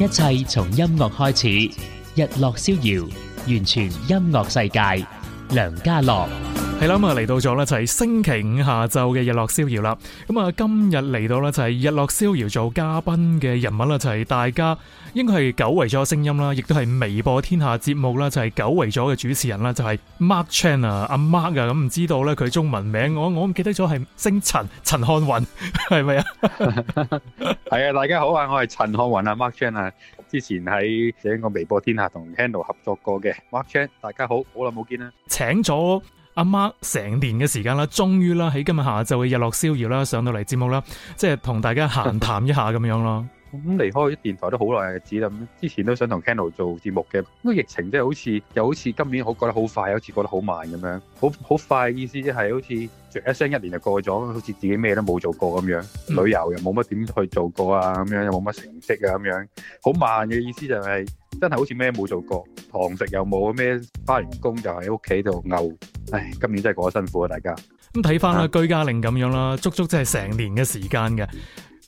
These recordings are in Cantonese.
一切從音樂開始，日落逍遙，完全音樂世界，梁嘉樂。係啦，咁啊嚟到咗咧，就係星期五下晝嘅日樂逍遙啦。咁啊，今日嚟到咧就係日樂逍遙做嘉賓嘅人物啦，就係、是、大家應該係久違咗聲音啦，亦都係微博天下節目啦，就係、是、久違咗嘅主持人啦，就係、是、Mark Chan 啊，阿 Mark 啊，咁唔知道咧佢中文名，我我唔記得咗，係姓陳，陳漢云係咪啊？係啊， 大家好啊，我係陳漢云啊，Mark Chan 啊，之前喺喺我微博天下同 Handle 合作過嘅 Mark Chan，大家好好耐冇見啦，請咗。阿媽成年嘅時間啦，終於啦喺今日下晝嘅日落逍遙啦，上到嚟節目啦，即係同大家閒談一下咁 樣咯。咁離開電台都好耐日子啦，之前都想同 Canal 做節目嘅，咁個疫情即係好似又好似今年好過得好快，又好似過得好慢咁樣、就是，好好快意思即係好似一聲一年就過咗，好似自己咩都冇做過咁樣，嗯、旅遊又冇乜點去做過啊，咁樣又冇乜成績啊咁樣，好慢嘅意思就係、是。真係好似咩冇做過，堂食又冇咩，返完工就喺屋企度漚。唉，今年真係過得辛苦啊，大家。咁睇返啊，居家令咁樣啦，足足真係成年嘅時間嘅。誒、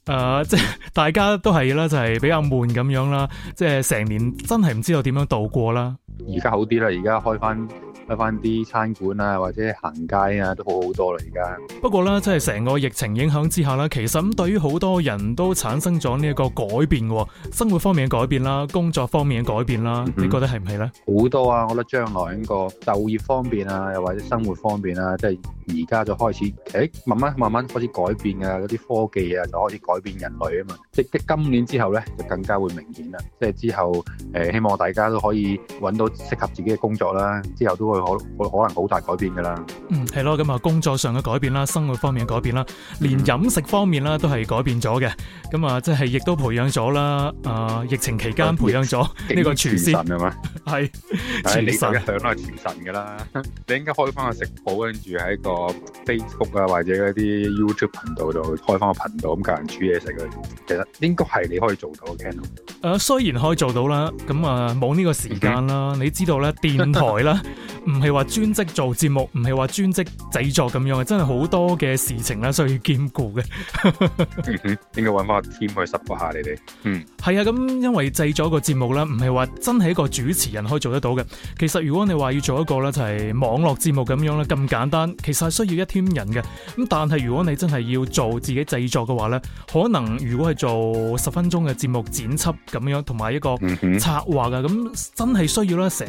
呃，即係大家都係啦，就係比較悶咁樣啦。即係成年真係唔知道點樣度過啦。而家好啲啦，而家開返。翻啲餐館啊，或者行街啊，都好好多啦而家。不過咧，即係成個疫情影響之下咧，其實咁對於好多人都產生咗呢一個改變嘅生活方面嘅改變啦，工作方面嘅改變啦，嗯、哼你覺得係唔係咧？好多啊！我覺得將來呢個就業方面啊，又或者生活方面啦、啊，即係。而家就開始，誒，慢慢慢慢開始改變啊！嗰啲科技啊，就開始改變人類啊嘛。即係今年之後咧，就更加會明顯啦。即係之後，誒，希望大家都可以揾到適合自己嘅工作啦。之後都會可可能好大改變噶啦。嗯，係咯。咁啊，工作上嘅改變啦，生活方面嘅改變啦，連飲食方面啦都係改變咗嘅。咁啊，即係亦都培養咗啦。啊，疫情期間培養咗呢個廚神係嘛？係，但係你一向都係廚神噶啦。你應該開返個食譜，跟住喺個～Facebook 啊，或者一啲 YouTube 頻道度開翻個頻道，咁教人煮嘢食佢，其實應該係你可以做到嘅。誒，雖然可以做到啦，咁啊冇呢個時間啦。Mm hmm. 你知道咧，電台啦，唔係話專職做節目，唔係話專職製作咁樣，真係好多嘅事情啦，需要兼顧嘅。嗯哼，應該揾翻個 team 去 support 下你哋。嗯，係啊，咁因為製作一個節目啦，唔係話真係一個主持人可以做得到嘅。其實如果你話要做一個咧，就係網絡節目咁樣啦，咁簡單，其實。需要一 team 人嘅咁，但係如果你真係要做自己製作嘅話咧，可能如果係做十分鐘嘅節目剪輯咁樣，同埋一個策劃嘅咁，真係需要啦，成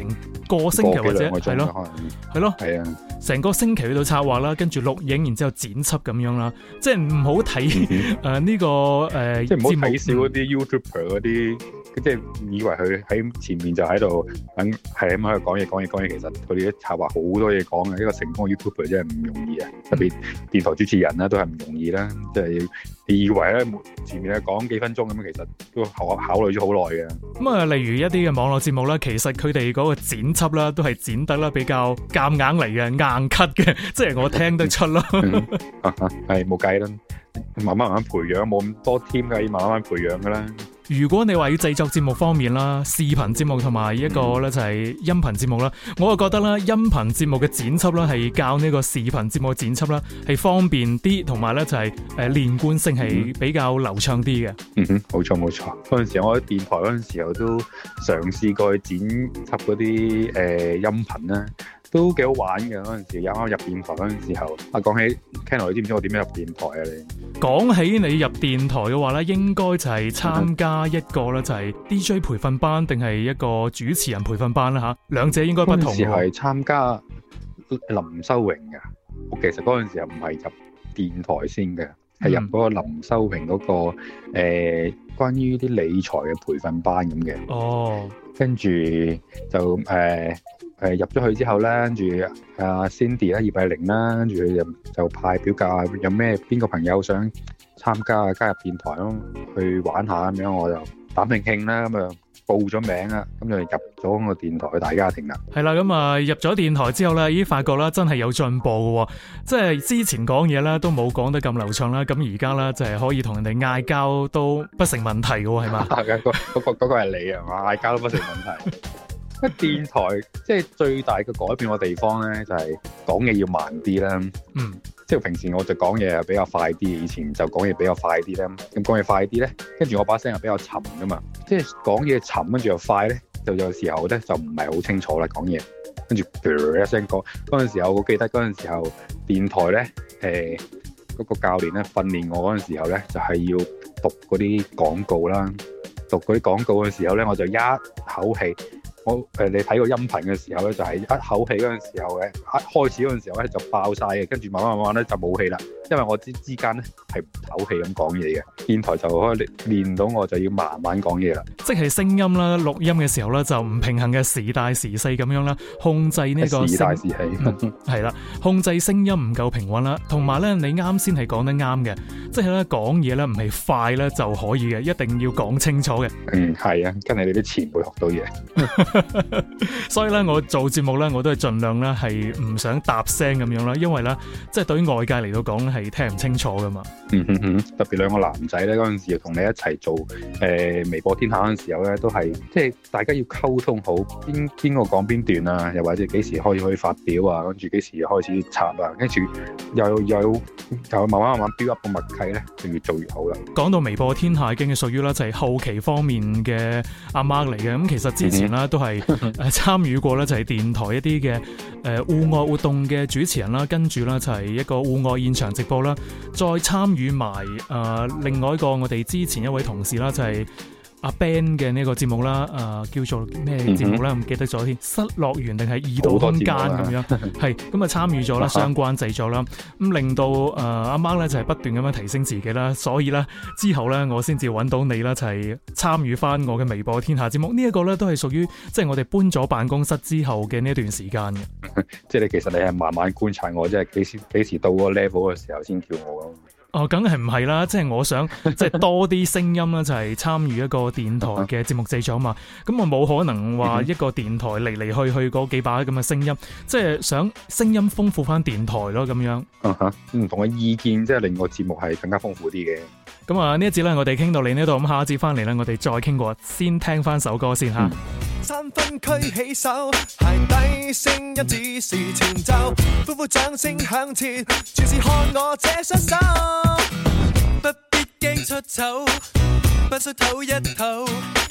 個星期或者係咯，係能咯，係啊，成個星期去到策劃啦，跟住錄影，然之後剪輯咁樣啦，即係唔好睇誒呢個誒、呃嗯。即唔好睇少啲 YouTuber 啲，即係以為佢喺前面就喺度等，係咁喺度講嘢講嘢講嘢。其實佢哋啲策劃好多嘢講嘅，呢個成功嘅 YouTuber 即係唔容易啊，特別電台主持人咧都係唔容易啦，即、就、係、是、你以為咧，前面咧講幾分鐘咁其實都考考慮咗好耐嘅。咁啊、嗯，例如一啲嘅網絡節目啦，其實佢哋嗰個剪輯啦，都係剪得啦比較夾硬嚟嘅，硬咳嘅，即 係我聽得出囉、 嗯。係冇計啦，慢、嗯、慢、嗯嗯、慢慢培養，冇咁多添㗎，要慢慢培養㗎啦。如果你話要製作節目方面啦，視頻節目同埋一個咧就係音頻節目啦，嗯、我就覺得啦，音頻節目嘅剪輯啦係教呢個視頻節目嘅剪輯啦，係方便啲，同埋咧就係誒連貫性係比較流暢啲嘅。嗯哼，冇錯冇錯，嗰陣時我喺電台嗰陣時候都嘗試過去剪輯嗰啲誒音頻啦。都幾好玩嘅，嗰陣時，啱啱入電台嗰陣時候，啊，講起 Ken，你知唔知我點樣入電台啊？你講起你入電台嘅話咧，應該就係參加一個咧，就係 DJ 培訓班定係一個主持人培訓班啦，吓、啊、兩者應該不同。嗰陣時係參加林修榮嘅，我其實嗰陣時又唔係入電台先嘅，係、嗯、入嗰個林修榮嗰、嗰個誒、呃，關於啲理財嘅培訓班咁嘅。哦，跟住就誒。呃誒入咗去之後咧，跟住阿 Cindy 啦、葉慧玲啦，跟住佢就派表格有，有咩邊個朋友想參加啊？加入電台咯，去玩下咁樣，我就膽定慶啦，咁樣報咗名啊，咁就入咗個電台大家庭啦。係啦，咁啊入咗電台之後咧，已經發覺啦，真係有進步嘅喎，即係之前講嘢啦都冇講得咁流暢啦，咁而家啦就係可以同人哋嗌交都不成問題嘅喎，係嘛？嗰個嗰係你係嘛？嗌交都不成問題。 咁電台即係最大嘅改變嘅地方咧，就係講嘢要慢啲啦。嗯，即係平時我就講嘢比較快啲，以前就講嘢比較快啲啦。咁講嘢快啲咧，跟住我把聲又比較沉㗎嘛，即係講嘢沉，跟住又快咧，就有時候咧就唔係好清楚啦講嘢。跟住一聲講嗰陣時候，我記得嗰陣時候電台咧，誒嗰個教練咧訓練我嗰陣時候咧，就係要讀嗰啲廣告啦。讀嗰啲廣告嘅時候咧，我就一口氣。我誒、呃，你睇個音頻嘅時候咧，就係、是、一口氣嗰陣時候嘅，一開始嗰陣時候咧就爆晒嘅，跟住慢慢慢慢咧就冇氣啦。因為我之之間咧係唔唞氣咁講嘢嘅，電台就可練到我就要慢慢講嘢啦。即係聲音啦，錄音嘅時候咧就唔平衡，嘅時大時細咁樣啦，控制呢個時大時細。係 啦、嗯，控制聲音唔夠平穩啦，同埋咧你啱先係講得啱嘅，即係咧講嘢咧唔係快咧就可以嘅，一定要講清楚嘅。嗯，係啊，跟住你啲前輩會學到嘢。 所以咧，我做節目咧我都係盡量咧係唔想搭聲咁樣啦，因為咧即係對於外界嚟到講係。你聽唔清楚㗎嘛？嗯嗯嗯，特別兩個男仔咧，嗰陣時同你一齊做誒、呃、微博天下嗰陣時候咧，都係即係大家要溝通好，邊邊個講邊段啊？又或者幾時可以發表啊？跟住幾時又開始插啊？跟住又又又、又、又慢慢慢慢 build 個默契咧，就越做越好啦。講到微博天下，已經屬於咧就係、是、後期方面嘅阿 Mark 嚟嘅。咁其實之前咧都係誒參與過咧，就係電台一啲嘅誒戶外活動嘅主持人啦，跟住咧就係一個戶外現場直報啦，再參與埋誒另外一個，我哋之前一位同事啦，就係、是。阿 Ben 嘅呢個節目啦，誒、呃、叫做咩節目咧？唔、mm hmm. 記得咗添，失樂園定係二度空間咁樣，係咁啊 就參與咗啦，相關製作啦，咁令到誒阿、呃、媽咧就係、是、不斷咁樣提升自己啦，所以咧之後咧我先至揾到你啦，就係、是、參與翻我嘅微博天下節目。這個、呢一個咧都係屬於即係、就是、我哋搬咗辦公室之後嘅呢一段時間嘅。 即係你其實你係慢慢觀察我，即係幾時幾時到個 level 嘅時候先叫我咯。哦，梗係唔係啦，即係我想， 即係多啲聲音啦，就係參與一個電台嘅節目製作啊嘛，咁我冇可能話一個電台嚟嚟去去嗰幾把咁嘅聲音，即係想聲音豐富翻電台咯，咁樣，嗯吓、uh，唔、huh. 同嘅意見即係、就是、令個節目係更加豐富啲嘅。咁啊，呢一節咧，我哋傾到你呢度，咁下一節翻嚟咧，我哋再傾過，先聽翻首歌先哈。三分區起手，鞋底聲音只是前奏，呼呼掌聲響徹，全是看我這雙手，不必驚出醜，不需唞一唞。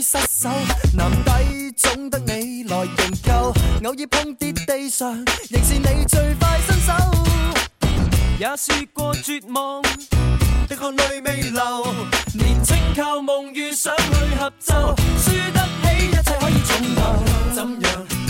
失手，男底，總得你來營救。偶爾碰跌地上，仍是你最快伸手。 也試過絕望，滴汗淚未流。年 青靠夢與想去合奏， 輸得起一切可以重頭， 怎樣？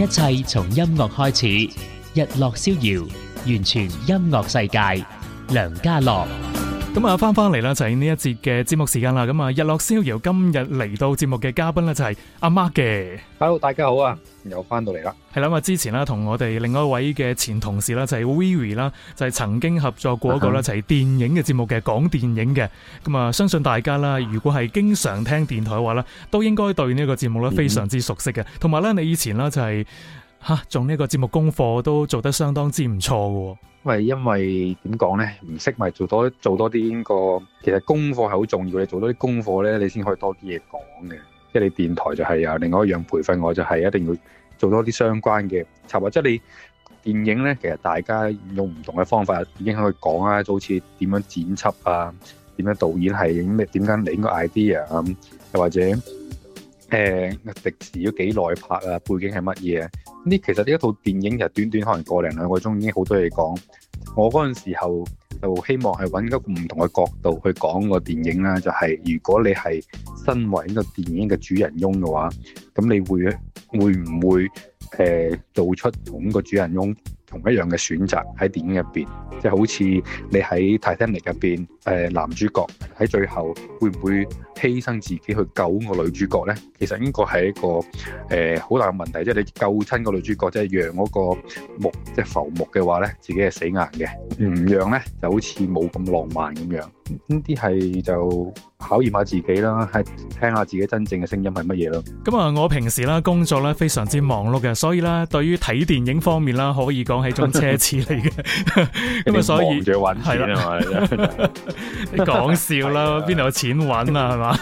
一切從音樂開始，日落逍遙，完全音樂世界，梁嘉樂。咁啊，翻翻嚟啦，就係、是、呢一節嘅節目時間啦。咁啊，日落逍遙今日嚟到節目嘅嘉賓呢，就係阿 Mark 嘅。Hello，大家好啊，又翻到嚟啦。係啦，咁啊，之前啦，同我哋另外一位嘅前同事啦，就係 Wee 啦，就係曾經合作過一個呢，就係電影嘅節目嘅，講、uh huh. 電影嘅。咁啊，相信大家啦，如果係經常聽電台嘅話咧，都應該對呢個節目呢非常之熟悉嘅。同埋呢，huh. 你以前呢、就是，就係吓做呢個節目功課都做得相當之唔錯嘅。因為因為點講咧，唔識咪做多做多啲個，其實功課係好重要嘅。你做多啲功課咧，你先可以多啲嘢講嘅。即係你電台就係啊，另外一樣培訓我就係一定要做多啲相關嘅策劃。即係你電影咧，其實大家用唔同嘅方法已經可以講啊，就好似點樣剪輯啊，點樣導演係影咩？點解你應該 idea 咁，又或者。誒、呃，迪持咗幾耐拍啊？背景係乜嘢？呢其實呢一套電影，就短短可能過零兩個鐘已經好多嘢講。我嗰陣時候就希望係揾一個唔同嘅角度去講個電影啦。就係、是、如果你係身為呢個電影嘅主人翁嘅話，咁你會會唔會誒、呃、做出同個主人翁同一樣嘅選擇喺電影入邊，即係好似你喺 Titanic 入邊，誒，男主角喺最後會唔會犧牲自己去救個女主角咧？其實呢個係一個誒，好大嘅問題，即係你救親個女主角，即係讓嗰個木即係浮木嘅話咧，自己係死硬嘅；唔讓咧，就好似冇咁浪漫咁樣。呢啲係就考驗下自己啦，係聽下自己真正嘅聲音係乜嘢咯。咁啊，我平時咧工作咧非常之忙碌嘅，所以咧對於睇電影方面啦，可以講係一種奢侈嚟嘅。咁啊，所以係啦，講笑啦，邊度有錢揾啊？係嘛，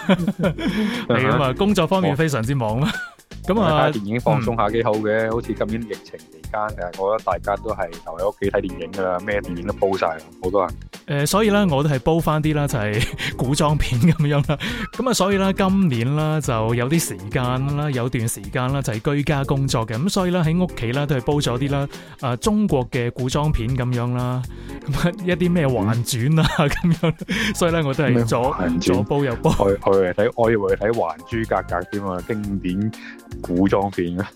係咁啊，工作方面非常之忙啦。咁啊，睇、嗯、電影放鬆下幾、嗯、好嘅，好似今年疫情期間，誒，我覺得大家都係留喺屋企睇電影噶啦，咩電影都煲晒好多人。誒、呃，所以咧，我都係煲翻啲啦，就係古裝片咁樣啦。咁啊，所以咧，今年啦，就有啲時間啦，有段時間啦，就係居家工作嘅。咁所以咧，喺屋企咧，都係煲咗啲啦，誒，中國嘅古裝片咁樣啦，咁一啲咩環轉啊咁樣。所以咧，我都係左左煲右煲。去去睇，我以為睇《還珠格格》添啊，經典。古裝片嘅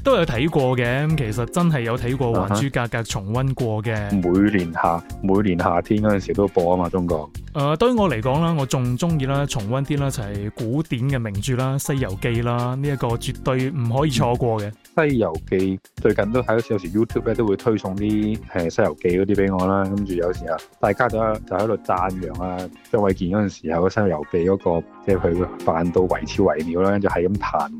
都有睇過嘅，其實真係有睇過《還珠格格》uh，重溫過嘅。每年夏每年夏天嗰陣時都播啊嘛，中國。誒、呃，對於我嚟講啦，我仲中意啦重溫啲啦就係、是、古典嘅名著，啦，《西遊記》啦，呢一個絕對唔可以錯過嘅《西遊記》最近都睇到，有時 YouTube 咧都會推送啲，誒、啊《西遊記、那個》嗰啲俾我啦，跟住有時啊，大家就就喺度讚揚啊張衛健嗰陣時候嘅《西遊記》嗰個即係佢扮到惟妙惟妙啦，就係咁彈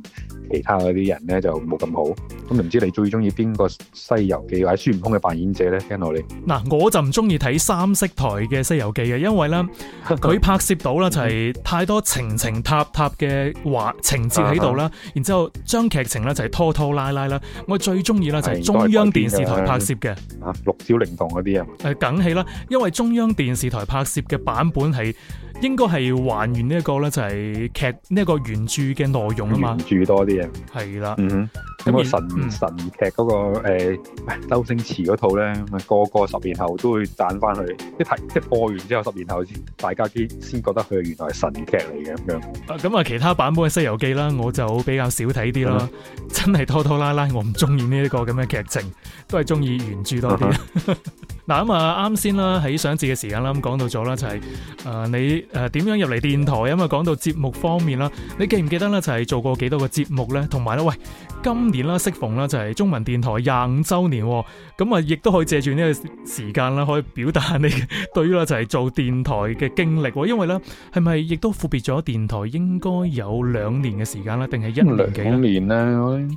其他嗰啲人咧就冇咁好，咁、嗯、唔知你最中意邊個《西遊記》或者孫悟空嘅扮演者咧？聽落嚟，嗱，我就唔中意睇三色台嘅《西遊記》嘅，因為咧。佢 拍攝到啦，就係太多情情塔塔嘅話情節喺度啦，啊啊、然之後將劇情咧就係拖拖拉拉啦。我最中意啦就係中央電視台拍攝嘅，吓六小齡童嗰啲啊，呃、梗係啦，因為中央電視台拍攝嘅版本係。應該係還原呢、這、一個咧，就係劇呢一個原著嘅內容啊嘛。原著多啲啊，係啦。咁啊神、嗯、神劇嗰、那個誒、呃，周星馳嗰套咧，個個十年後都會讚翻佢。即係即播完之後，十年後大家先先覺得佢原來係神劇嚟嘅咁樣。啊，咁啊其他版本嘅《西遊記》啦，我就比較少睇啲啦，嗯、哼真係拖拖拉拉，我唔中意呢一個咁嘅劇情，都係中意原著多啲。嗯哼 嗱咁啊，啱先啦，喺上節嘅時間啦，咁講到咗啦，就係、是、誒、呃、你誒點、呃、樣入嚟電台，咁啊講到節目方面啦，你記唔記得咧？就係做過幾多個節目咧，同埋咧，喂，今年啦，適逢啦，就係中文電台廿五周年，咁、哦、啊，亦、嗯、都可以借住呢個時間啦，可以表達你 對於啦，就係、是、做電台嘅經歷，因為咧，係咪亦都闊別咗電台應該有兩年嘅時間啦，定係一兩幾年咧？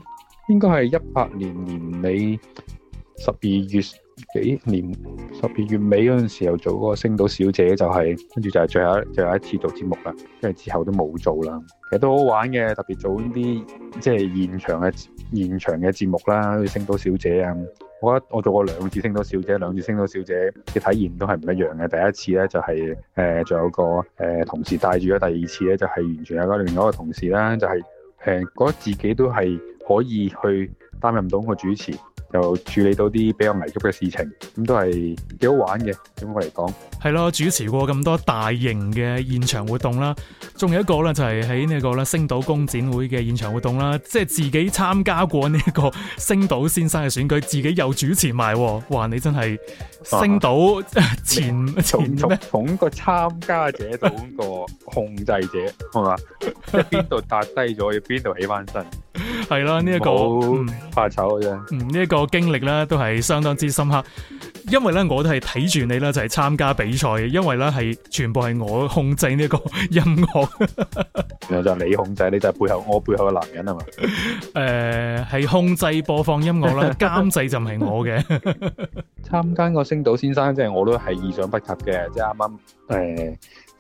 應該係一八年年尾十二月。幾年十二月尾嗰陣時候做嗰個《星島小姐》，就係跟住就係最後最後一次做節目啦。跟住之後都冇做啦。其實都好玩嘅，特別做呢啲即係現場嘅現場嘅節目啦，好似《星島小姐》啊。我覺得我做過兩次《星島小姐》，兩次《星島小姐》嘅體驗都係唔一樣嘅。第一次咧就係誒，仲有個誒同事帶住咗；第二次咧就係完全有一個另外一個同事啦，就係誒覺得自己都係可以去擔任到個主持。又處理到啲比較危急嘅事情，咁都係幾好玩嘅。咁我嚟講，係咯，主持過咁多大型嘅現場活動啦，仲有一個咧就係喺呢個咧星島工展會嘅現場活動啦，即係的自己參加過呢個星島先生嘅選舉，自己又主持埋，哇！你真係星島前、啊、從前從，從個參加者到個控制者，係嘛？ 即係邊度踏低咗， 要邊度起翻身？係啦，呢一，這個好怕醜嘅啫。嗯，呢、這、一個經歷咧都係相當之深刻，因為咧我都係睇住你啦，就係、是、參加比賽嘅，因為咧係全部係我控制呢個音樂。原 來就係你控制，你就係背後我背後嘅男人啊嘛。誒，係、 呃、控制播放音樂啦，監製就唔係我嘅。參 加個星島先生，即係我都係意想不及嘅，即係啱啱誒。嗯呃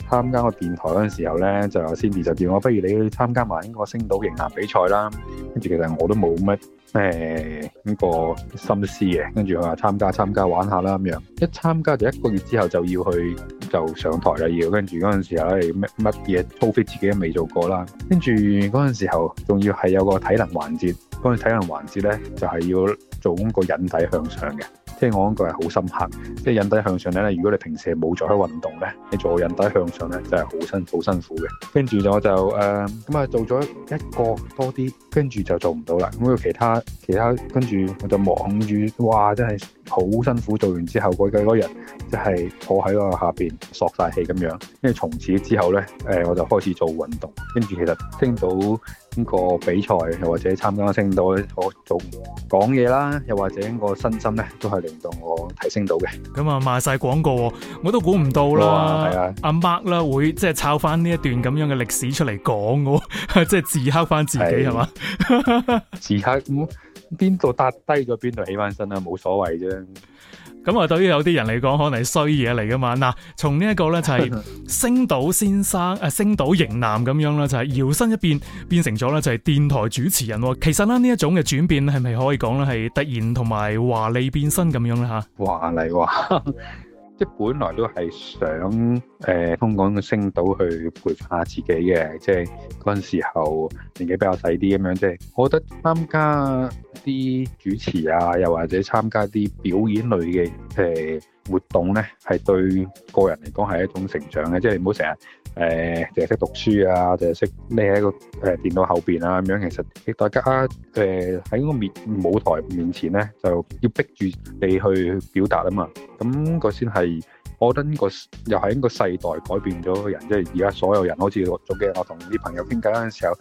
參加個電台嗰陣時候咧，就 Cindy 就叫我，不如你去參加埋呢個星島型男比賽啦。跟住其實我都冇乜誒咁個心思嘅，跟住佢話參加參加玩下啦咁樣。一參加就一個月之後就要去就上台啦，要跟住嗰陣時候咧，乜乜嘢操 fit 自己都未做過啦。跟住嗰陣時候仲要係有個體能環節，嗰個體能環節咧就係要做咁個引體向上嘅。即係我嗰句係好深刻，即係引體向上咧。如果你平時冇做開運動呢，你做引體向上咧，真係好辛好辛苦嘅。跟住我就誒，咁、呃、啊做咗一個多啲。跟住就做唔到啦，咁個其他其他跟住我就忙住，哇真係好辛苦！做完之後嗰幾嗰日，即係坐喺個下邊索晒氣咁樣。跟住從此之後咧，誒、呃、我就開始做運動，跟住其實聽到呢個比賽又或者參加升到我做講嘢啦，又或者個身心咧都係令到我提升到嘅。咁啊賣晒廣告，我都估唔到囉。係啊，阿、啊、Mark 啦會即係抄翻呢一段咁樣嘅歷史出嚟講， 即係自黑翻自己係嘛。是 時刻咁邊度搭低咗，邊度起翻身啦，冇所謂啫。咁啊，對於有啲人嚟講，可能係衰嘢嚟噶嘛。嗱，從呢一個咧就係星島先生誒，星島型男咁樣啦，就係、是、搖身一變變成咗咧就係電台主持人。其實咧呢一種嘅轉變，係咪可以講咧係突然同埋華麗變身咁樣咧吓？華麗哇！即係本來都係想誒香、呃、港嘅星島去培訓下自己嘅，即係嗰陣時候年紀比較細啲咁樣，即係我覺得參加啲主持啊，又或者參加啲表演類嘅誒、呃活動咧係對個人嚟講係一種成長嘅，即係你唔好成日誒淨係識讀書啊，淨係識匿喺個誒、呃、電腦後邊啊咁樣。其實大家誒喺、呃、個面舞台面前咧，就要逼住你去表達啊嘛，咁、那個先係。我覺得呢個又係呢個世代改變咗個人，即係而家所有人好似我做嘅，我同啲朋友傾偈嗰陣時候，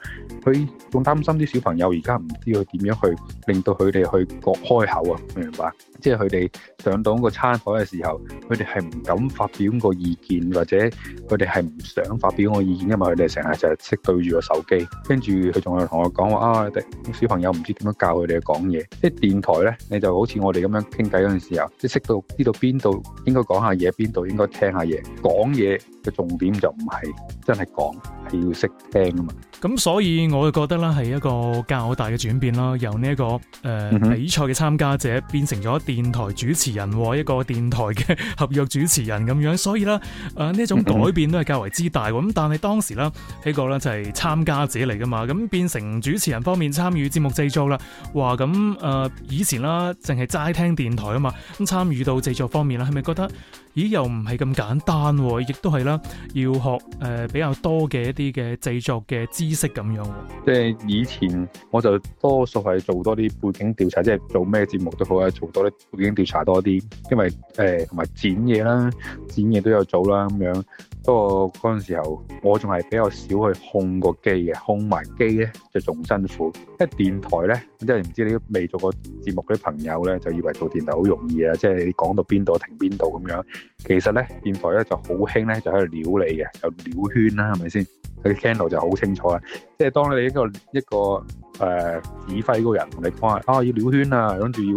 佢仲擔心啲小朋友而家唔知佢點樣去令到佢哋去開口啊，明唔明白？即係佢哋上到個餐台嘅時候，佢哋係唔敢發表個意見，或者佢哋係唔想發表個意見，因為佢哋成日成日識對住個手機，跟住佢仲有同我講話啊，小朋友唔知點樣教佢哋講嘢。即係電台咧，你就好似我哋咁樣傾偈嗰陣時候，即係識到知道邊度應該講下嘢，邊。邊度應該聽下嘢，講嘢嘅重點就唔係真係講，係要識聽啊嘛。咁、嗯、哼所以我就覺得啦，係一個較大嘅轉變啦，由呢、這、一個誒、呃、比賽嘅參加者，變成咗電台主持人或一個電台嘅合約主持人咁樣。所以啦，誒、呃、呢種改變都係較為之大。咁、嗯、哼但係當時啦，呢個啦就係參加者嚟噶嘛，咁變成主持人方面參與節目製作啦，話咁誒以前啦淨係齋聽電台啊嘛，咁參與到製作方面啦，係咪覺得？咦，又唔係咁簡單喎、啊，亦都係啦，要學誒、呃、比較多嘅一啲嘅製作嘅知識咁樣、啊。即係以前我就多數係做多啲背景調查，即係做咩節目都好啊，做多啲背景調查多啲，因為誒同埋剪嘢啦，剪嘢都有做啦咁樣。不過嗰陣時候，我仲係比較少去控個機嘅，控埋機咧就仲辛苦。因為電台咧，即係唔知你未做過節目啲朋友咧，就以為做電台好容易啊！即係你講到邊度停邊度咁樣。其實咧，電台咧就好興咧，就喺度撩你嘅，就撩圈啦、啊，係咪先？佢啲 channel 就好清楚啊。即係當你一個一個誒、呃、指揮嗰個人同你講啊，啊要撩圈啊，跟住要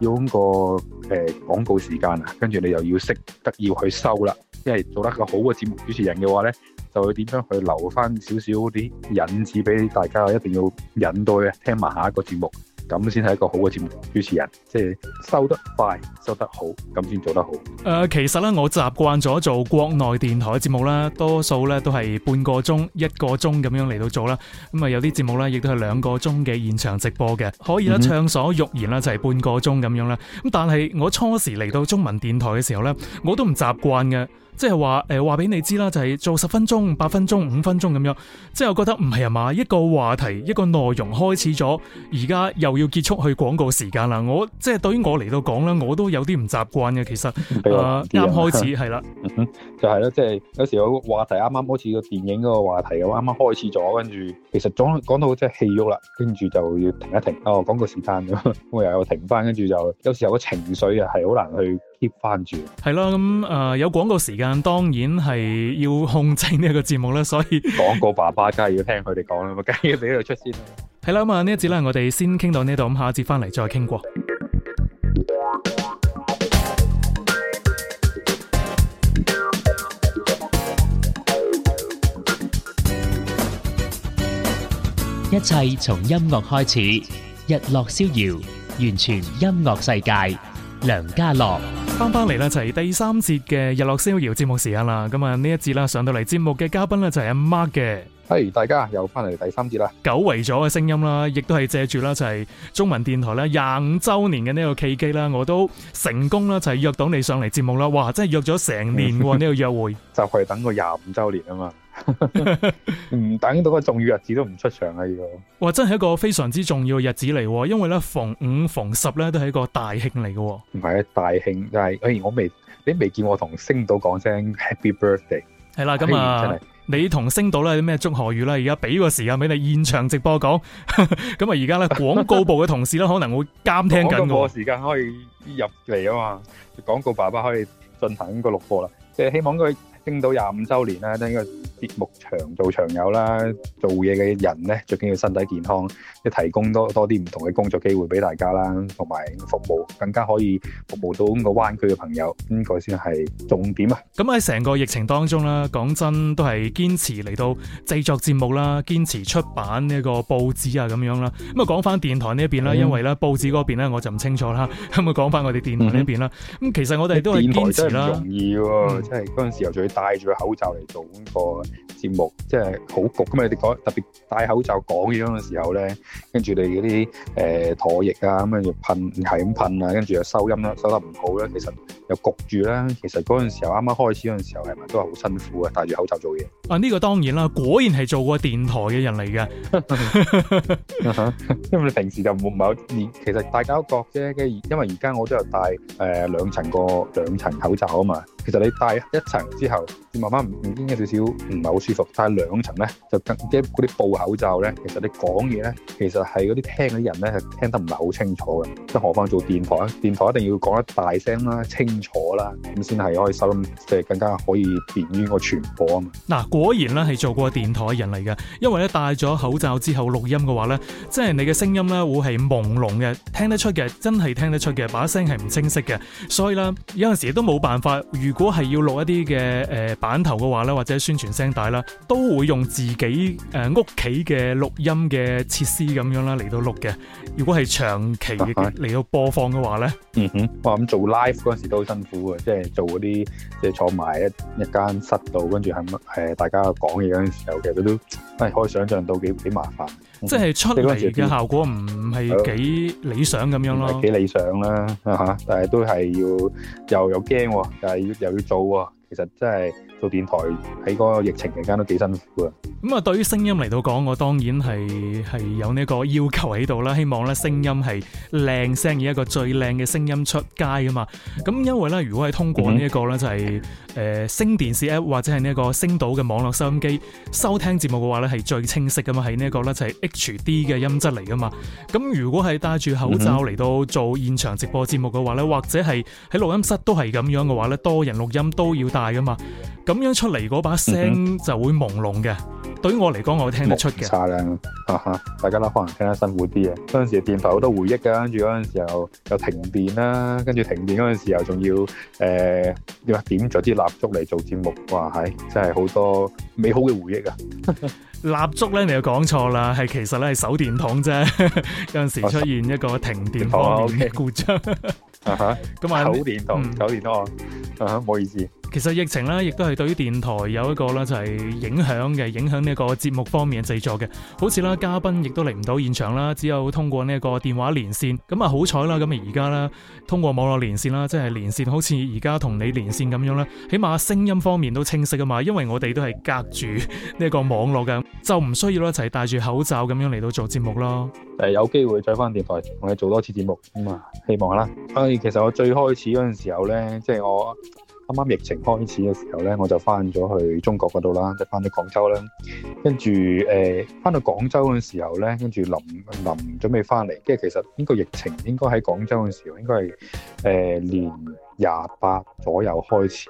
要咁、嗰個誒、呃、廣告時間啊，跟住你又要識得要去收啦。即係做得個好嘅節目主持人嘅話呢，就會點樣去留翻少少啲引子俾大家，一定要引到佢聽埋下一個節目，咁先係一個好嘅節目主持人，即係收得快、收得好，咁先做得好。誒、呃，其實呢，我習慣咗做國內電台節目啦，多數呢都係半個鐘、一個鐘咁樣嚟到做啦。咁啊，有啲節目呢，亦都係兩個鐘嘅現場直播嘅，可以呢暢、嗯、所欲言啦，就係、是、半個鐘咁樣啦。咁但係我初時嚟到中文電台嘅時候呢，我都唔習慣嘅。即係話誒，話、呃、俾你知啦，就係、是、做十分鐘、八分鐘、五分鐘咁樣。即係我覺得唔係啊嘛，一個話題、一個內容開始咗，而家又要結束去廣告時間啦。我即係對於我嚟到講咧，我都有啲唔習慣嘅。其實，啱、啊、開始係啦 了， 就係咯，即係有時有話題啱啱開始個電影嗰個話題嘅，啱啱開始咗，跟住其實講講到即係氣喐啦，跟住就要停一停。哦，廣告時間咁， 我又,又停返，跟住就有時候個情緒啊係好難去。貼翻住係啦。咁誒、 嗯嗯、有廣告時間，當然係要控制呢個節目啦。所以廣告爸爸梗係要聽佢哋講啦，咪梗要俾佢出先。係、嗯、啦，咁、嗯、啊呢一節咧，我哋先傾到呢度，咁下一節翻嚟再傾過。一切從音樂開始，日落逍遙，完全音樂世界，梁嘉樂。翻翻嚟啦，就係第三節嘅日落逍遙節目時間啦。咁啊呢一節啦，上到嚟節目嘅嘉賓咧就係阿 Mark 嘅。係，hey, 大家又翻嚟第三節啦。久違咗嘅聲音啦，亦都係借住啦就係中文電台咧廿五周年嘅呢個契機啦，我都成功啦就係約到你上嚟節目啦。哇，真係約咗成年喎呢 個約會，就係等個廿五周年啊嘛。唔 等到個重要日子都唔出場啊！要哇，真係一個非常之重要嘅日子嚟，因為咧逢五逢十咧都係一個大慶嚟嘅。唔係啊，大慶就係，雖我未，你未見我同星島講聲 Happy Birthday。係啦，咁啊，真係你同星島咧啲咩祝賀語啦？而家俾個時間俾你現場直播講。咁 啊，而家咧廣告部嘅同事咧可能會監聽緊我。 時間可以入嚟啊嘛，廣告爸爸可以進行呢個錄播啦。即係希望佢。升到廿五周年咧，應該節目長做長有啦，做嘢嘅人咧最緊要身體健康，一提供多多啲唔同嘅工作機會俾大家啦，同埋服務更加可以服務到咁個灣區嘅朋友，呢個先係重點啊！咁喺成個疫情當中啦，講真都係堅持嚟到製作節目啦，堅持出版呢個報紙啊咁樣啦。咁啊講翻電台呢一邊啦，嗯、因為咧報紙嗰邊咧我就唔清楚啦，咁啊講翻我哋電台呢邊啦。咁、嗯、其實我哋都係堅持啦，容易即係嗰陣時候仲戴住口罩嚟做呢個節目，即係好焗咁啊！你哋講特別戴口罩講嘢嗰個時候咧，跟住你嗰啲誒唾液啊咁樣就噴，係咁噴啊，跟住又收音啦，收得唔好啦，其實又焗住啦。其實嗰陣時候啱啱開始嗰陣時候係咪都係好辛苦啊？戴住口罩做嘢啊？呢、呢個當然啦，果然係做過電台嘅人嚟嘅， 因為平時就冇唔係。其實大家都覺啫，因為而家我都有戴誒、呃、兩層個兩層口罩啊嘛。其實你戴一層之後，慢慢唔唔經少少唔係好舒服。戴兩層咧，就更即啲布口罩咧。其實你講嘢咧，其實係嗰啲聽嘅人咧，聽得唔係好清楚嘅。即係何況做電台，電台一定要講得大聲啦、清楚啦，咁先係可以收音，即係更加可以便於個傳播啊嘛。嗱，果然咧係做過電台嘅人嚟嘅，因為咧戴咗口罩之後錄音嘅話咧，即係你嘅聲音咧會係朦朧嘅，聽得出嘅，真係聽得出嘅，把聲係唔清晰嘅。所以咧有陣時都冇辦法，如如果係要錄一啲嘅誒板頭嘅話咧，或者宣傳聲帶啦，都會用自己誒屋企嘅錄音嘅設施咁樣啦嚟到錄嘅。如果係長期嚟到播放嘅話咧、啊，嗯哼，哇咁、嗯、做 live 嗰陣時都好辛苦啊。即係做嗰啲即係坐埋一,一間室度，跟住係乜大家講嘢嗰陣時候，其實都～係可以想象到幾幾麻煩，即係出嚟嘅效果唔唔係幾理想咁樣咯。幾理想啦，啊嚇！但係都係要又又驚，但係要又要做喎。其實真係做電台喺嗰個疫情期間都幾辛苦啊。咁啊，對於聲音嚟到講，我當然係係有呢個要求喺度啦。希望咧聲音係靚聲以一個最靚嘅聲音出街啊嘛。咁因為咧，如果係通過呢一個咧就係。誒、呃，星電視 app 或者係呢一個星島嘅網絡收音機收聽節目嘅話呢，係最清晰噶嘛，係呢一個咧就係、是、HD 嘅音質嚟噶嘛。咁如果係戴住口罩嚟到做現場直播節目嘅話呢，或者係喺錄音室都係咁樣嘅話呢，多人錄音都要戴噶嘛。咁樣出嚟嗰把聲就會朦朧嘅。對於我嚟講，我聽得出嘅。唔差啦，吓，大家都可能聽得辛苦啲嘅。嗰陣時電台好多回憶㗎，跟住嗰陣時候又停電啦，跟住停電嗰陣時候仲要誒，點咗啲蠟燭嚟做節目，哇，係真係好多美好嘅回憶啊！蠟燭咧，你又講錯啦，係其實咧係手電筒啫。有陣時出現一個停電方面嘅故障。吓，咁啊，手電筒，手電筒，吓，唔好意思。其實疫情咧，亦都係對於電台有一個咧，就係影響嘅，影響呢個節目方面嘅製作嘅。好似啦，嘉賓亦都嚟唔到現場啦，只有通過呢個電話連線。咁啊，好彩啦，咁而家啦，通過網絡連線啦，即係連線，好似而家同你連線咁樣啦，起碼聲音方面都清晰噶嘛。因為我哋都係隔住呢個網絡嘅，就唔需要一齊戴住口罩咁樣嚟到做節目咯。誒，有機會再翻電台同你做多次節目咁啊，嗯，希望啦。反而其實我最開始嗰陣時候呢，即係我。啱啱疫情開始嘅時候咧，我就翻咗去中國嗰度啦，就係翻咗廣州啦。跟住誒，翻、呃、到廣州嗰陣時候咧，跟住臨臨準備翻嚟，跟住其實呢個疫情應該喺廣州嗰陣時候應該係誒連。廿八左右開始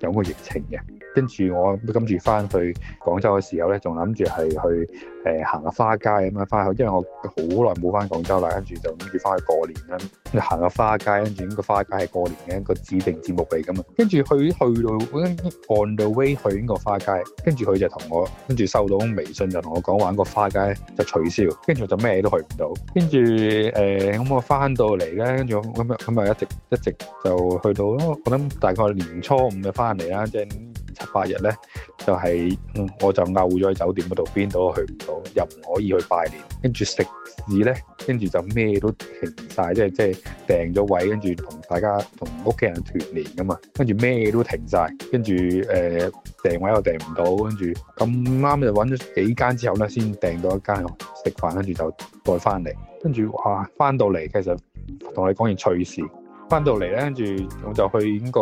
有個疫情嘅，跟住我跟住翻去廣州嘅時候咧，仲諗住係去誒、呃、行下花街咁嘛，翻去因為我好耐冇翻廣州啦，跟住就諗住翻去過年啦，行下花街，跟住咁個花街係過年嘅一個指定節目嚟咁啊，跟住去去到 on the way 去呢個花街，跟住佢就同我跟住收到微信就同我講玩個花街就取消，跟住就咩都去唔、呃、到，跟住誒咁我翻到嚟咧，跟住咁咁咁啊一直一直就～去到咯，我諗大概年初五就返嚟啦，即係七八日咧，就係、是、我就嘔咗喺酒店嗰度，邊度都去唔到，又唔可以去拜年，跟住食肆咧，跟住就咩都停晒，即係即係訂咗位，跟住同大家同屋企人團年噶嘛，跟住咩都停晒，跟住誒訂位又訂唔到，跟住咁啱就揾咗幾間之後咧，先訂到一間食飯，跟住就再返嚟，跟住哇，返到嚟其實同你講件趣事。翻到嚟咧，跟住我就去呢個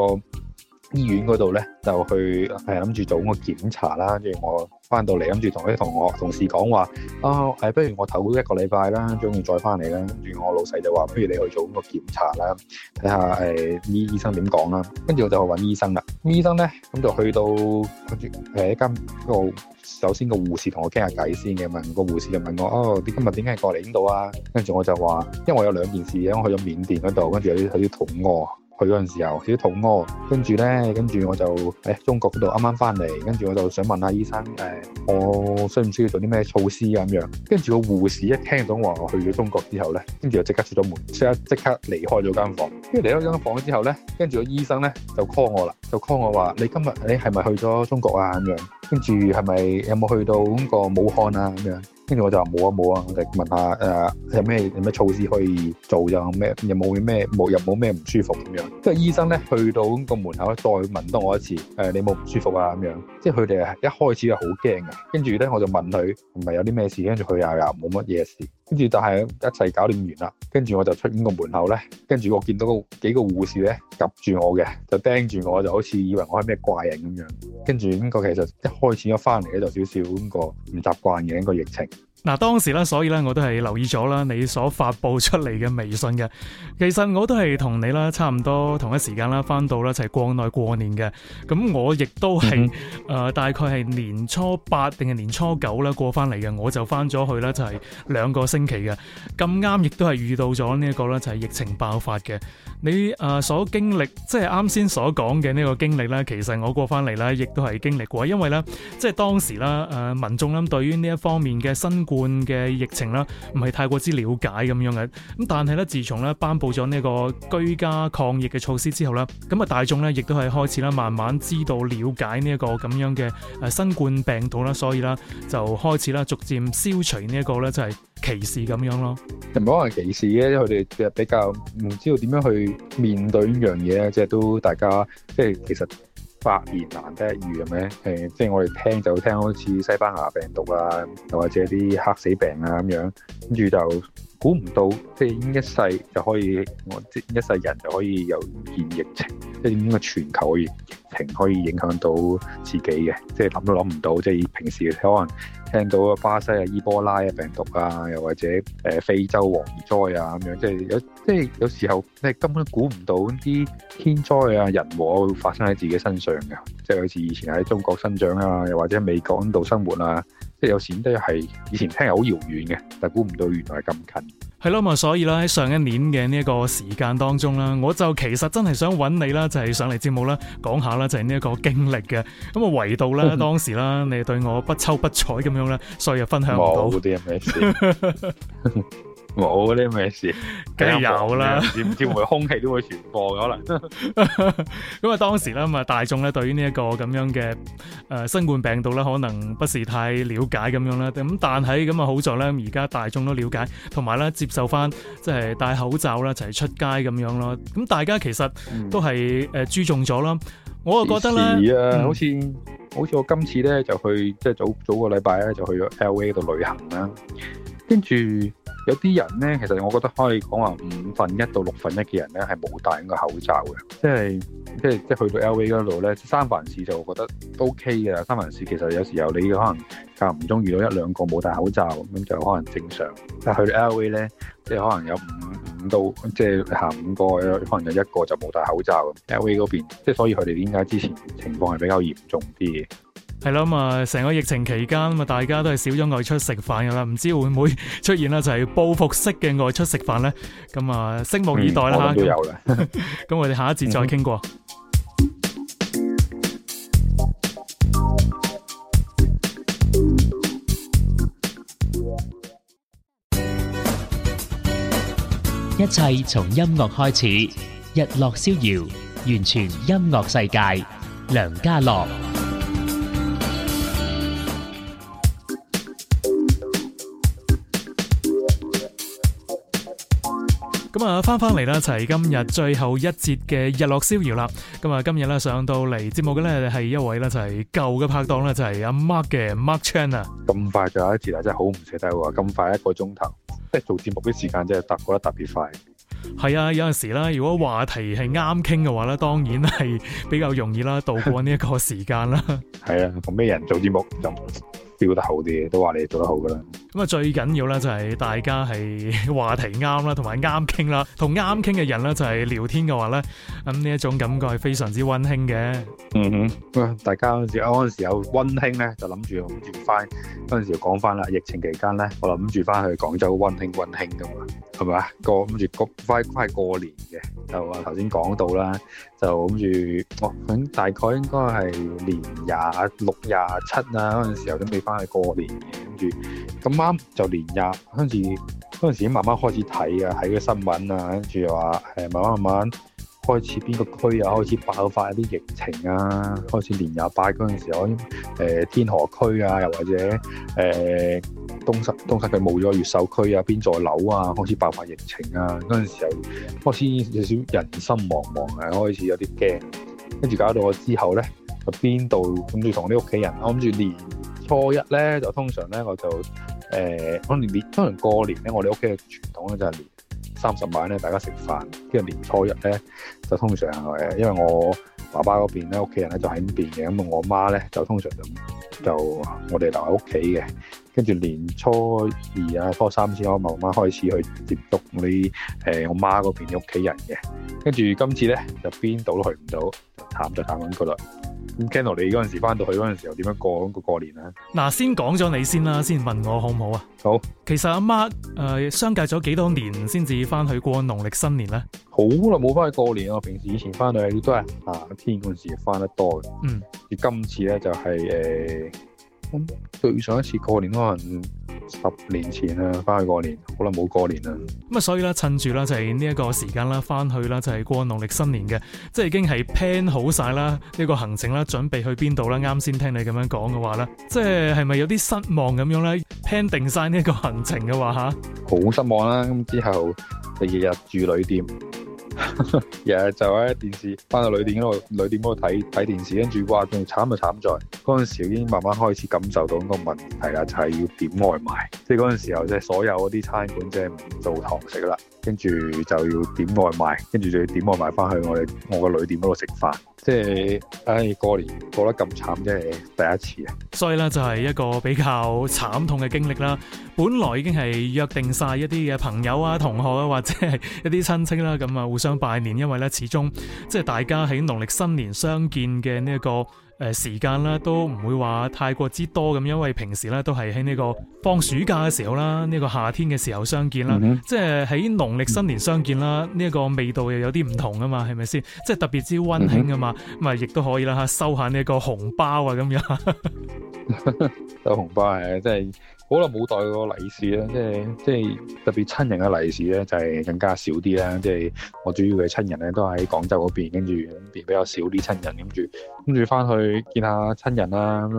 醫院嗰度咧，就去誒諗住做個檢查啦，跟住我。翻到嚟，諗住同啲同學同事講話，啊、哦，誒、哎，不如我唞一個禮拜啦，仲要再翻嚟啦。跟住我老細就話，不如你去做個檢查啦，睇下誒醫醫生點講啦。跟住我就去揾醫生啦。醫生咧，咁就去到跟住誒一間嗰，首先個護士同我傾下偈先嘅，問個護士就問我，哦，你今日點解過嚟呢度啊？跟住我就話，因為我有兩件事，因為我去咗緬甸嗰度，跟住有啲有啲肚餓。去嗰陣時候有少少肚屙，跟住咧，跟住我就誒、哎，中國嗰度啱啱返嚟，跟住我就想問下醫生，哎，我需唔需要做啲咩措施咁樣？跟住個護士一聽到話我去咗中國之後呢，跟住就即刻出咗門，即刻即刻離開咗間房間。跟住離開間房間之後咧，跟住個醫生咧就 call 我啦，就 call 我話，你今日你係咪去咗中國啊？咁樣，跟住係咪有冇去到嗰個武漢啊？咁樣。跟住我就話冇啊冇啊，我哋、啊、問下誒、呃、有咩有咩措施可以做就咩有冇咩冇又冇咩唔舒服咁樣，、呃啊、樣。即係醫生咧去到個門口再問多我一次誒你冇唔舒服啊咁樣。即係佢哋係一開始係好驚嘅，跟住咧我就問佢唔係有啲咩事，跟住佢又又冇乜嘢事。跟住，就係一切搞掂完啦。跟住我就出呢個門口呢，跟住我見到個幾個護士咧夾住我嘅，就盯住我，就好似以為我係咩怪人咁樣。跟住呢個其實一開始我翻嚟咧就有少少咁個唔習慣嘅一個疫情。嗱，當時咧，所以咧，我都係留意咗啦，你所發布出嚟嘅微信嘅，其實我都係同你啦差唔多同一時間啦，翻到啦，就係國內過年嘅，咁我亦都係誒，大概係年初八定係年初九啦過翻嚟嘅，我就翻咗去啦，就係兩個星期嘅，咁啱亦都係遇到咗呢一個咧就係疫情爆發嘅，你誒所經歷即係啱先所講嘅呢個經歷咧，其實我過翻嚟啦，亦都係經歷過，因為咧即係當時啦誒民眾啦對於呢一方面嘅新冠嘅疫情啦，唔係太過之了解咁樣嘅，咁但係咧自從咧頒布咗呢個居家抗疫嘅措施之後咧，咁啊大眾咧亦都係開始啦，慢慢知道了解呢一個咁樣嘅誒新冠病毒啦，所以啦就開始啦逐漸消除呢一個咧就係歧視咁樣咯，唔可能歧視嘅，因為佢哋就比較唔知道點樣去面對呢樣嘢咧，即係都大家即係其實。百年難得一遇係咪？誒、呃，即係我哋聽就聽好似西班牙病毒啊，又或者啲黑死病啊咁樣，跟住就。估唔到，即已經一世就可以，我即一世人就可以又見疫情，即係點個全球嘅疫情可以影響到自己嘅，即係諗都諗唔到，即係平時可能聽到巴西啊、伊波拉啊病毒啊，又或者誒、呃、非洲蝗災啊咁樣，即係有即係有時候你根本都估唔到啲天災啊、人禍會發生喺自己身上嘅，即係好似以前喺中國生長啊，又或者喺美國度生活啊。即係有錢都係以前聽係好遙遠嘅，但係估唔到原來係咁近。係咯，咁啊，所以咧喺上一年嘅呢一個時間當中啦，我就其實真係想揾你啦，就係、係、上嚟節目啦，講下啦，就係呢一個經歷嘅。咁啊，唯到咧當時啦，嗯、你對我不瞅不睬咁樣啦，所以啊，分享唔到嘅，係 冇嗰啲咩事，梗係有啦，點知會空氣都會傳播嘅可能。咁啊，當時咧，咁啊，大眾咧對於呢一個咁樣嘅誒新冠病毒咧，可能不是太了解咁樣啦。咁但係咁啊，好在咧，而家大眾都了解，同埋咧接受翻，即係戴口罩啦，一齊出街咁樣咯。咁大家其實都係誒注重咗啦。嗯、我啊覺得咧，啊，嗯、好似好似我今次咧就去，即係早早個禮拜咧就去咗 L A 度旅行啦，跟住。有啲人咧，其實我覺得可以講話五分一到六分一嘅人咧，係冇戴個口罩嘅，即係即係即係去到 L v 嗰度咧，三藩市就覺得都 O K 嘅啦。三藩市其實有時候你可能間唔中遇到一兩個冇戴口罩咁，就可能正常。但係去到 L v 咧，即係可能有五五到即係下五個，可能有一個就冇戴口罩。L v 嗰邊即係所以佢哋點解之前情況係比較嚴重啲？係啦，咁啊，成個疫情期間，啊，大家都係少咗外出食飯噶啦，唔知會唔會出現啦，就係報復式嘅外出食飯咧，咁啊，拭目以待啦吓。咁、嗯，我哋 下一節再傾過。嗯、哼一切從音樂開始，日落逍遙，完全音樂世界，梁嘉樂。咁啊，翻翻嚟啦，就係今日最後一節嘅日落逍遙啦。咁啊，今日咧上到嚟節目嘅咧係一位咧就係舊嘅拍檔啦，就係、是、阿 Mark 嘅 Mark Chen 啊。咁快就有一節啦，真係好唔捨得喎！咁快一個鐘頭，即係做節目啲時間真係達過得特別快。係啊，有陣時啦，如果話題係啱傾嘅話咧，當然係比較容易啦，度過呢一個時間啦。係 啊，同咩人做節目就？標得好啲，都話你做得好噶啦。咁啊，最緊要咧就係大家係話題啱啦，同埋啱傾啦，同啱傾嘅人咧就係聊天嘅話咧，咁呢一種感覺係非常之溫馨嘅。嗯哼，大家嗰陣時有溫馨咧，就諗住諗住翻嗰陣時講翻啦。疫情期間咧，我諗住翻去廣州溫馨溫馨噶嘛，係咪啊？過諗住過快快過年嘅，就話頭先講到啦。就諗住，哇、哦！咁大概應該係年廿六、廿七啊，嗰陣時候都未翻去過年嘅，跟住咁啱就年廿，跟住嗰陣時慢慢開始睇啊，睇個新聞啊，跟住又話誒慢慢慢慢開始邊個區又、啊、開始爆發一啲疫情啊，開始年廿八嗰陣時我喺誒天河區啊，又或者誒，欸東山東山佢冇咗越秀區啊，邊座樓啊開始爆發疫情啊！嗰陣時候，我先有少少人心惶惶啊，開始有啲驚，跟住搞到我之後咧，就邊度咁住同啲屋企人，我諗住年初一咧就通常咧我就誒、呃，我年通常過年咧，我哋屋企嘅傳統咧就係年三十晚咧大家食飯，跟住年初一咧就通常係、呃、因為我爸爸嗰邊咧屋企人咧就喺邊嘅，咁啊我媽咧就通常就就我哋留喺屋企嘅。跟住年初二啊，初三先可慢慢開始去接觸你。誒，我媽嗰邊屋企人嘅。跟住今次咧，就邊度都去唔到，就探就探緊佢來。咁 Ken，你嗰陣時翻到去嗰陣時候，點樣過咁個過年咧？嗱，先講咗你先啦，先問我好唔好啊？好。好其實阿媽誒，相隔咗幾多年先至翻去過農曆新年咧。好耐冇翻去過年啊！平時以前翻到去都係夏、啊、天，嗰陣時翻得多嘅。嗯。咁今次咧就係、是、誒。呃嗯、對上一次過年可能十年前啦，翻去過年，好耐冇過年啦。咁啊，所以咧，趁住啦，就係呢一個時間啦，翻去啦，就係過農曆新年嘅。即係已經係 plan 好晒啦，呢個行程啦，準備去邊度啦。啱先聽你咁樣講嘅話咧，即係係咪有啲失望咁樣咧？plan 定晒呢一個行程嘅話吓，好失望啦。咁之後第二日住旅店。日日、 yeah，就喺電視，翻到旅店嗰度，旅店度睇睇電視，跟住哇仲慘就慘在，嗰陣時已經慢慢開始感受到個問題啦，就係、是、要點外賣，即係嗰陣時候即係所有嗰啲餐館即係唔做堂食啦，跟住就要點外賣，跟住就要點外賣翻去我哋我個旅店嗰度食飯。即係唉，過年過得咁慘，即係第一次啊！所以咧，就係一個比較慘痛嘅經歷啦。本來已經係約定晒一啲嘅朋友啊、同學啊，或者係一啲親戚啦，咁啊，互相拜年。因為咧，始終即係大家喺農曆新年相見嘅呢一個。誒，時間啦都唔會話太過之多咁，因為平時咧都係喺呢個放暑假嘅時候啦，呢、這呢個夏天嘅時候相見啦，mm hmm. 即係喺農曆新年相見啦，呢、呢、一個味道又有啲唔同啊嘛，係咪先？即係特別之溫馨啊嘛，咁啊亦都可以啦吓，收一下呢個紅包啊咁樣。收 紅包係即係。好耐冇袋過利是啦，即係特別親人嘅利是咧，就係、是、更加少啲啦。即係我主要嘅親人咧，都喺廣州嗰邊，跟住嗰邊比較少啲親人，跟住跟住返去見下親人啦。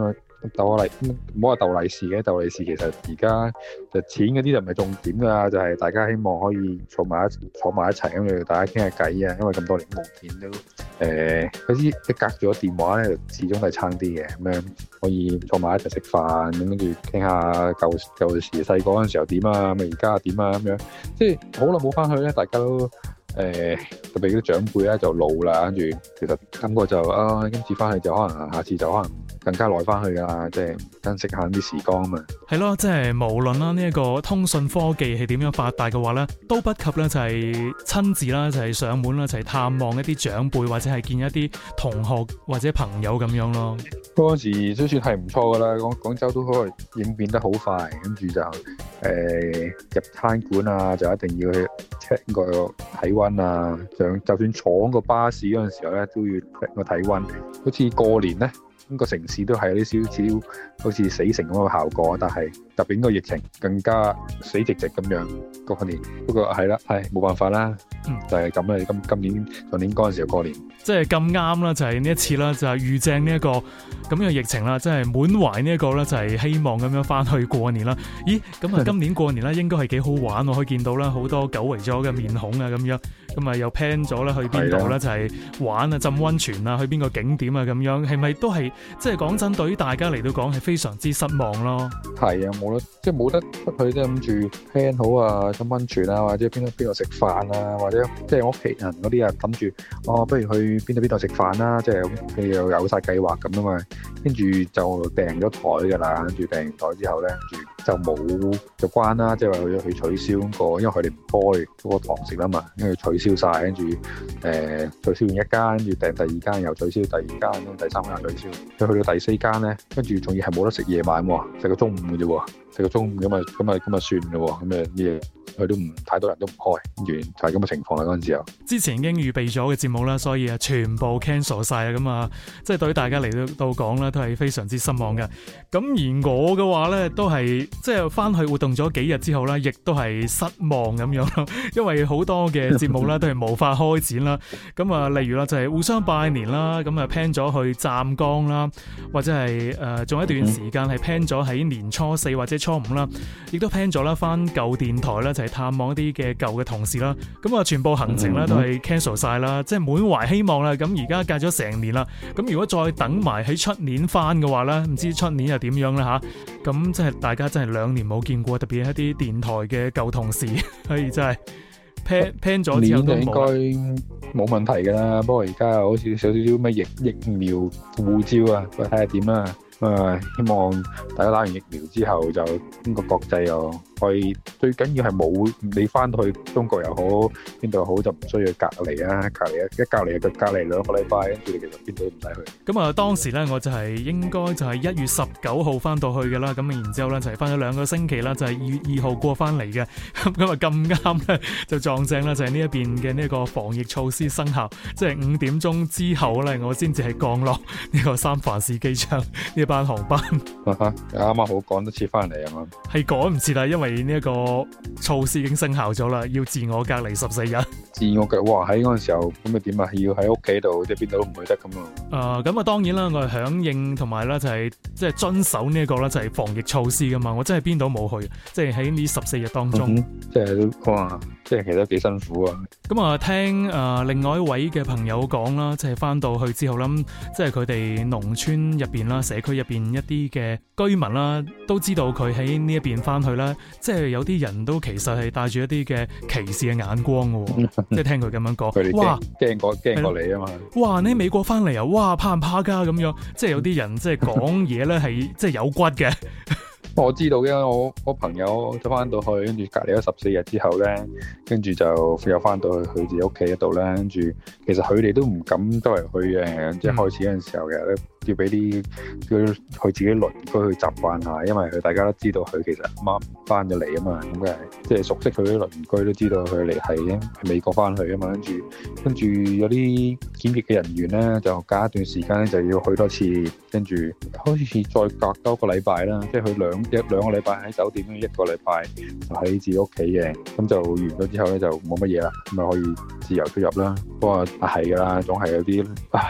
斗下利唔好話斗利是嘅，斗利是其實而家就錢嗰啲就唔係重點噶，就係、是、大家希望可以坐埋一坐埋一齊咁樣，大家傾下偈啊。因為咁多年冇見都誒，嗰啲你隔住個電話咧，始終係差啲嘅。咁、嗯、樣可以坐埋一齊食飯，咁跟住傾下舊舊時細個嗰陣時候點啊，咁啊而家點啊，咁樣即係好耐冇翻去咧，大家都誒、呃、特別啲長輩咧就老啦，跟住其實今個就啊，今次翻去就可能，下次就可能。更加耐翻去噶啦，即係珍惜下啲時光啊嘛。係咯，即係無論啦，呢一個通訊科技係點樣發達嘅話咧，都不及咧就係親自啦，就係上門啦，就係探望一啲長輩或者係見一啲同學或者朋友咁樣咯。嗰陣時都算係唔錯噶啦。廣廣州都可以應變得好快，跟住就誒入餐館啊，就一定要去 check 個體温啊。就就算坐個巴士嗰陣時候咧，都要 check 個體温。好似過年咧。個城市都係有啲少少好似死城咁嘅效果，但係特別呢個疫情更加死寂寂咁樣過，嗰個，年。不過係啦，係冇辦法啦，嗯、就係咁啦。今今年上年嗰陣時候過年，即係咁啱啦，就係、係、呢一次啦，就係遇正呢一個咁樣疫情啦，即係滿懷呢一個咧，就係、係呢個就係、希望咁樣翻去過年啦。咦，咁啊，今年過年咧應該係幾好玩， 我可以見到啦，好多久違咗嘅面孔啊，咁樣。咁是啊，又 plan 咗啦，去邊度啦？就係玩啊，浸温泉啊，去邊個景點啊？咁樣係咪都係即係講真，對於大家嚟到講係非常之失望咯？係啊，冇得即係冇得出去，即係諗住 plan 好啊，浸温泉啊，或者邊度邊度食飯啊，或者即係屋企人嗰啲啊。諗住，哦，不如去邊度邊度食飯啦，啊，即係佢又有晒計劃咁啊嘛，跟住就訂咗枱㗎喇，跟住訂完枱之後咧，跟住就冇就關啦，即係話去取消，嗰個，因為佢哋唔開嗰個堂食啊嘛，因為取燒曬，跟住誒，取消完一間，跟住訂第二間又取，取消，第二間跟第三間又取消，咁去到第四間咧，跟住仲要係冇得食夜晚喎，食到中午啫喎。食個中午咁啊，咁啊，咁啊，算咯喎，咁啊，咩佢都唔太多人都唔開完就係咁嘅情況啦。陣時候之前已經預備咗嘅節目啦，所以啊，全部 cancel 晒啊，咁啊，即係對於大家嚟到到講啦，都係非常之失望嘅。咁而我嘅話咧，都係即係翻去活動咗幾日之後咧，亦都係失望咁樣咯。因為好多嘅節目咧，都係無法開展啦。咁啊，例如啦，就係互相拜年啦，咁啊 plan 咗去湛江啦，或者係誒仲有一段時間係 plan 咗喺年初四或者。初五啦，亦都 plan 咗啦，翻舊電台啦，就係、是、探望一啲嘅舊嘅同事啦。咁啊，全部行程咧都係 cancel 晒啦，mm hmm. 即係滿懷希望啦。咁而家隔咗成年啦，咁如果再等埋喺出年翻嘅話咧，唔知出年又點樣啦吓？咁、啊、即係大家真係兩年冇見過，特別係一啲電台嘅舊同事，可以、mm hmm. 真係的、啊、plan plan 咗之後都冇。年就應該冇問題噶啦，不過而家又好似少少咩疫疫苗護照啊，睇下點啊。希望大家打完疫苗之後，就經過國際去最緊要係冇你翻到去中國又好，邊度又好就唔需要隔離啊！隔離一隔離就隔離兩個禮拜，跟住其實邊度都唔使去。咁啊，當時咧我就係應該就係一月十九號翻到去嘅啦。咁然之後咧，就係翻咗兩個星期啦，就係二月二號過翻嚟嘅。咁啊，咁啱咧，就撞正啦，就係、是、呢一邊嘅呢個防疫措施生效，即係五點鐘之後咧，我先至係降落呢個三藩市機場呢班航班。啱啱 好趕得切翻嚟啊嘛！係趕唔切啦，因為。呢一個措施已經生效咗啦，要自我隔離十四日。自我隔，哇！喺嗰陣時候咁啊點啊？要喺屋企度，即係邊度都唔去得咁啊。誒、呃、咁、嗯、啊、嗯，當然啦，我係響應同埋啦，就係即係遵守呢、這、一個啦，就係、是、防疫措施噶嘛。我真係邊度冇去，即係喺呢十四日當中。即係、嗯嗯嗯嗯嗯、都哇，即係其實幾辛苦啊。咁啊、嗯嗯，聽誒、呃、另外一位嘅朋友講啦，即係翻到去之後啦，即係佢哋農村入邊啦、社區入邊一啲嘅居民啦，都知道佢喺呢一邊翻去啦。即係有啲人都其實係帶住一啲嘅歧視嘅眼光嘅、啊， 即係聽佢咁樣講。佢哋驚，哇，驚過驚過你啊嘛！哇，你喺美國翻嚟啊！哇，怕唔怕噶、啊、咁樣？即係有啲人即係講嘢咧，係即係有骨嘅。 我知道嘅，我我朋友就翻到去，跟住隔離咗十四日之後咧，跟住就又翻到去佢自己屋企嗰度啦。跟住其實佢哋都唔敢多人去嘅，即係、嗯、開始嗰陣時候嘅。要俾啲佢佢自己鄰居去習慣下，因為佢大家都知道佢其實唔啱翻咗嚟啊嘛，咁梗係即係熟悉佢啲鄰居都知道佢嚟係美國翻去啊嘛，跟住跟住有啲檢疫嘅人員咧，就隔一段時間咧就要去多次，跟住開始再隔多個禮拜啦，即係佢兩一兩個禮拜喺酒店，一個禮拜就喺自己屋企嘅，咁就完咗之後咧就冇乜嘢啦，咁咪可以自由出入啦。不過係噶啦，總係有啲。唉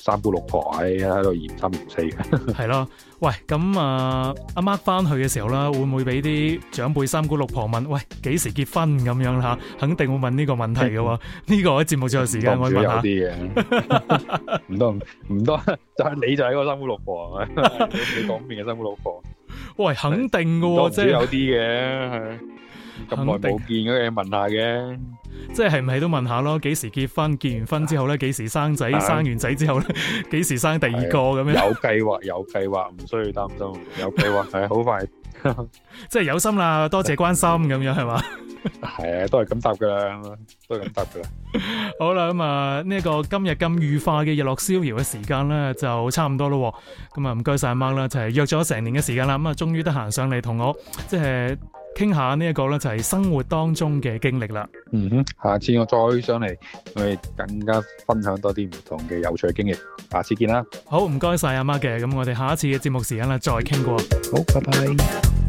三姑六婆喺喺度言三言四嘅，係咯，喂，咁啊，阿 Mark 翻去嘅時候啦，會唔會俾啲長輩三姑六婆問，喂，幾時結婚咁樣吓？肯定會問呢個問題嘅喎，呢的個喺節目最後時間，我啲嘅。唔 多唔多，就係 你就係一個三姑六婆， 你講邊嘅三姑六婆？喂，肯定嘅，即係。不 咁耐冇見，嗰嘢定問，問下嘅，即係唔係都問下咯？幾時結婚？結完婚之後咧，幾時生仔？啊、生完仔之後咧，幾時生第二個咁樣有計劃？有計劃，有計劃，唔需要擔心。有計劃係好快， 即係有心啦。多謝關心，咁 樣係嘛？係啊，都係咁答噶啦，都係咁答噶啦。 好啦，咁啊，呢個今日咁愉快嘅日落逍遙嘅時間咧，就差唔多咯。咁啊，唔該晒阿 Mark 啦，就係、是、約咗成年嘅時間啦。咁啊，終於得閒上嚟同我即係。即傾下呢一個咧就係生活當中嘅經歷啦。嗯哼，下次我再上嚟，我哋更加分享多啲唔同嘅有趣經歷。下次見啦。好，唔該晒阿 Mark 嘅。咁我哋下一次嘅節目時間啦，再傾過。好，拜拜。